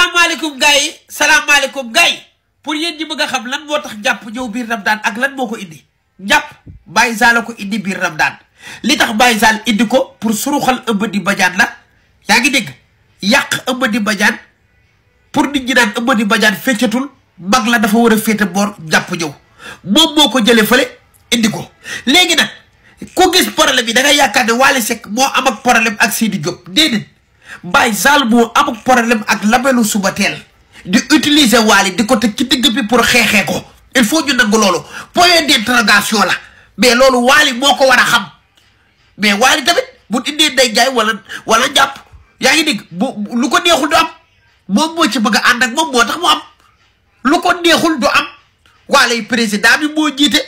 salaamaaleykum gars yi salaamaaleykum gars yi pour yéen ñi bëgg a xam lan moo tax jàpp ñëw biir Ramadan ak lan moo ko indi jàpp Baye Zale ko indi biir Ramadan li tax Baye Zale indi ko pour suruxal ëmbadi bajaan la yaa ngi dégg yàq ëmbadi bajaan pour nit jinaan naan ëmbadi bajaan feccatul mag la dafa war a féete boor jàpp ñëw moom moo ko jëlee fële indi ko léegi nag ku gis problème yi da nga yaakaar ne Wally sekk moo am ak problème ak Sidi Diop Baye Zale moo am problème ak labelu Subatel di utiliser Wally di ko teg ci digg bi pour xeexee ko il faut ñu nangu loolu point d'interrogation la mais loolu Wally moo ko war a xam mais Wally tamit bu indee day jaay wala wala jàpp yaa ngi dégg bu lu ko neexul du am moom moo ci bëgg a ànd ak moom moo tax mu am lu ko neexul du am Wally président bi moo jiite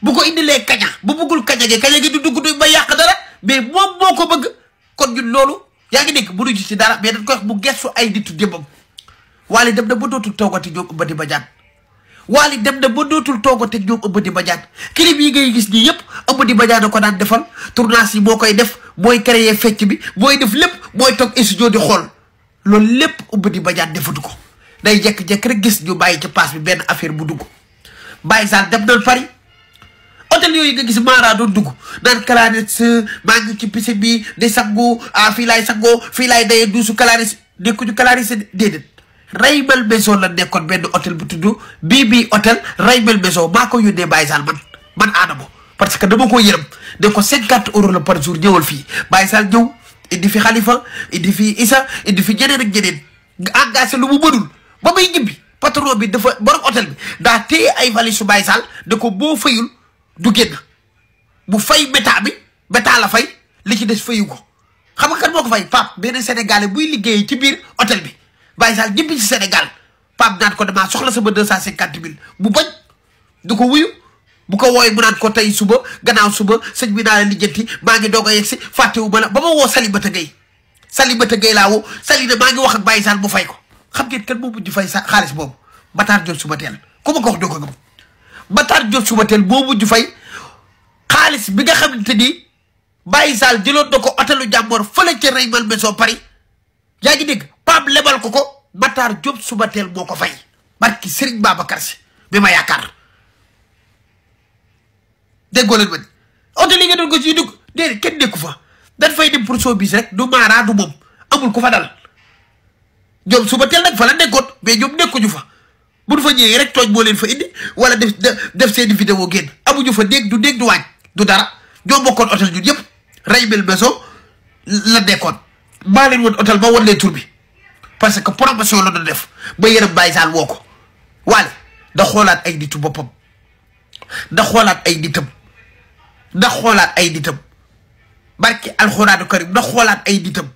bu ko indilee kaña bu bëggul kaña gi kaña gi du dugg du ba yàq dara mais moom moo ko bëgg kon ñun loolu yaa ngi dégg bu ci dara mais dañ koy wax bu gestu ay ditu démbam waali dem na ba dootul toogati ñoom ëbbati ba jaat waali dem na ba dootul toogati ñoom ëbbati ba jaat clip bii ngay gis nii yëpp ëbbati ba jaat da ko daan defal tournage yi moo koy def mooy créer fecc bi mooy def lépp mooy toog studio di xool loolu lépp bët ba jaat defatu ko day jekk-jekk rek gis ñu bàyyi ci paas bi benn affaire bu dugg bàyyi saat dem nañ Paris hôtel yooyu nga gis Mara doon dugg naan bi di saggu ah fii laay saggoo fii laay dayee duusu Clarisse nekkuñu la nekkoon benn hôtel bu tudd bii bii hôtel Raymel Maison maa ko yónnee Baye Sall man man parce que dama ko yërëm ne ko cinquante euros la par jour ñëwal fii Baye Sall ñëw indi fi fi Issa indi fi ñeneen ak bi dafa borom hôtel bi daa ay valise su Baye ko boo fayul du génn bu fay bétaa bi bétaa la fay li ci des fayu ko xam nga kat moo ko fay Pape benn Sénégalais buy liggéeyee ci biir hôtel bi Baye Sall si ci Sénégal Pape naan ko damaa soxla sama deux cent cinquante mille bu bañ du ko wuyu bu ko wooyee mu naan ko tey suba gannaaw suba sëñ bi naa la lijjanti maa ngi doog a yegg si fàttewu ma la ba ma woo Salimata Gueye Salimata Gueye laa woo Salimata maa ngi wax ak bu fay ko xam ngeen kan mujj fay sa xaalis boobu Matar Diop suba teel ku ma Matar Diop Soubatel boo mujj fay xaalis bi nga xamante ni Baye Sall jëloon na ko hôtelu jàmboor fële ca Raymond Benso Paris yaa ngi dégg Pape lebal ko ko Matar Diop Soubatel moo ko fay barki Serigne Babacar si bi ma yaakaar déggoo leen ma ni nga doon ko ciy dugg déedéet kenn nekku fa dañ fay dem pour soo rek du maaraa du moom amul ku fa dal Diop Soubatel nag fa la nekkoon mais ñoom nekkuñu fa bu nu fa ñëwee rek tooj boo leen fa indi wala def def seen vidéo génn amuñu fa dégg du dégg du waaj du dara ñoo bokkoon hôtel ñun yëpp ray bel beso la nekkoon maa leen woon hôtel ba wan leen tur bi parce que promotion la doon def ba yërëm Baye Sall woo ko waale da xoolaat ay nitu boppam da xoolaat ay nitam da xoolaat ay nitam barki alxuraanu karim da xoolaat ay nitam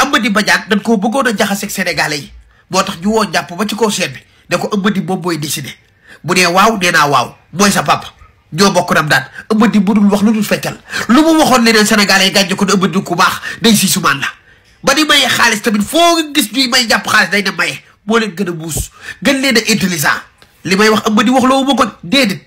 Amady Badiane dan koo bëggoon a jaxaseeg sénégalais yi boo tax ñu woo jàpp ba ci kaw seet bi ne ko ëmbadi moom mooy décidé bu dee waaw nee naa waaw mooy sa papa ñoo bokk dam daan ëmbadi mënul wax lu dul fekkal lu mu waxoon leneen Sénégalais yi gàññi ko ne ëmbadi ku baax day si sumaan ba di maye xaalis tamit foo nga gis may jàpp xaalis day ne maye moo leen gën a muus gën leen a intelligent li may wax ëmbadi wax loo ma ko déedéet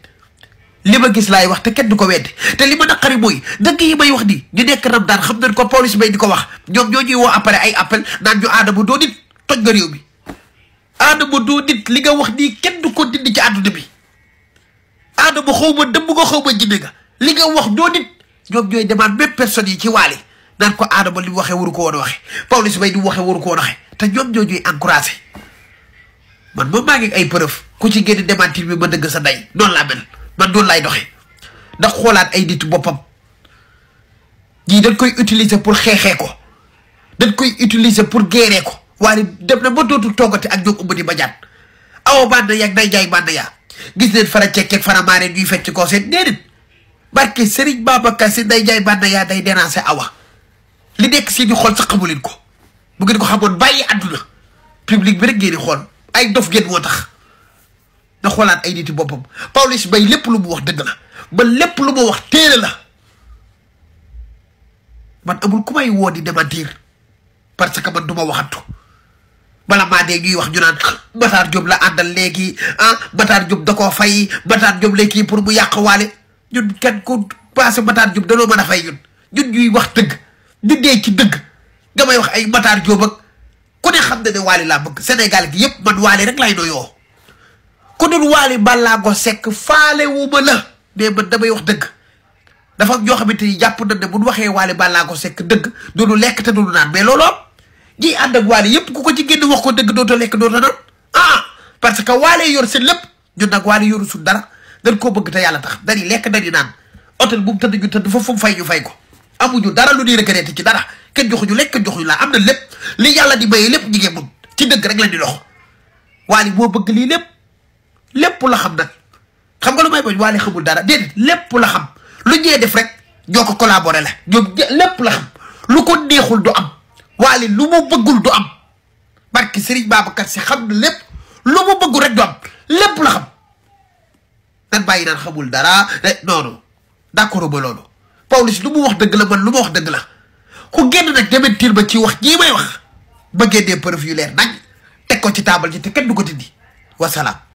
li ma gis laay wax te kenn du ko weddi te li ma naqari mooy dëgg yi may wax di ñu nekk ram daan xam nañ ko police bay di ko wax ñoom ñoo ñuy woo après ay appel naan ñu aadama doo nit toj nga réew mi aadama doo nit li nga wax nii kenn du ko dindi ci àdduna bi aadama xaw ma dëmm nga xaw ma jinne nga li nga wax doo nit ñoom jooy demaat même personnes yi ci waale naan ko aadama li waxee waru ko woon a waxee Pawlish Mbaye li mu waxee waru ko woon a te ñoom ñoo ñuy man moom maa ngi ay preuve ku ci génn démentir bi ma dëgg sa day noonu laa mel man noonu lay doxe ndax xoolaat ay nit boppam ñii dañ koy utiliser pour xeexee ko dañ koy utiliser pour géeree ko waaye dem na ba dootul toogati ak ñoom Amady Badiane awo Banda yaag day jaay Banda yaa gis neen fara cekkeeg fara maaree ñuy fecc ko seen déedéet barke Serigne Babacar si day jaay Banda yaa day dénoncé awa li nekk si di xool sax xamu ko bu ngeen ko xamoon bàyyi àdduna public bi rek ngeen xool ay dof ngeen moo tax na xoolaat ay niti boppam Pawlish Mbaye lépp lu mu wax dëgg la ba lépp lu mu wax téere la ban amul ku may woo di démentir parce que man du ma waxantu bala maa dee ñuy wax ñu naan Matar Diop la àndal léegi ah Matar Diop da koo fay Matar Diop léegi pour mu yàq waale ñun kenn ku passé Matar Diop daloo mën a fay ñun ñun ñuy wax dëgg ñu dee ci dëgg nga wax ay Matar Diop ak ku ne xam na ne waale laa bëgg Sénégal gi yëpp man waale rek lay doyoo ku dul waale Ballago Seck faale wu ma la mais man damay wax dëgg dafa am ñoo xamante ni jàpp na ne bu ñu waxee waale Ballago Seck dëgg du nu lekk te du nu naan mais looloo. ñiy ànd ak waale yëpp ku ko ci génn wax ko dëgg doota lekk doota naan ah parce que waale yor seen lépp ñun nag waale yoru su dara dañ koo bëgg te yàlla tax dañuy lekk dañuy naan hôtel bu mu tëdd ñu tëdd fa fu mu fay ñu fay ko amuñu dara lu ñuy ci dara kenn joxuñu lekk kenn joxuñu laa am na lépp li yàlla di maye lépp ñi ngee mun ci dëgg rek la di lox waale moo bëgg lii lépp lépp la xam nag xam nga lu may bañ waale xamul dara déedéet lépp la xam lu ñee def rek ñoo ko collaboré la ñoom lépp la xam lu ko neexul du am waali lu mu bëggul du am barki Serigne Babacar si xam na lépp lu mu bëggul rek du am lépp la xam nan bàyyi naan xamul dara eh, non non d'accord ba loolu Pawlish lu mu wax dëgg la man lu ma wax dëgg la ku génn nag démentir ba ci wax jii may wax ba génnee preuve yu leer nañ teg ko ci taabal ji te kenn du ko dindi wasalaam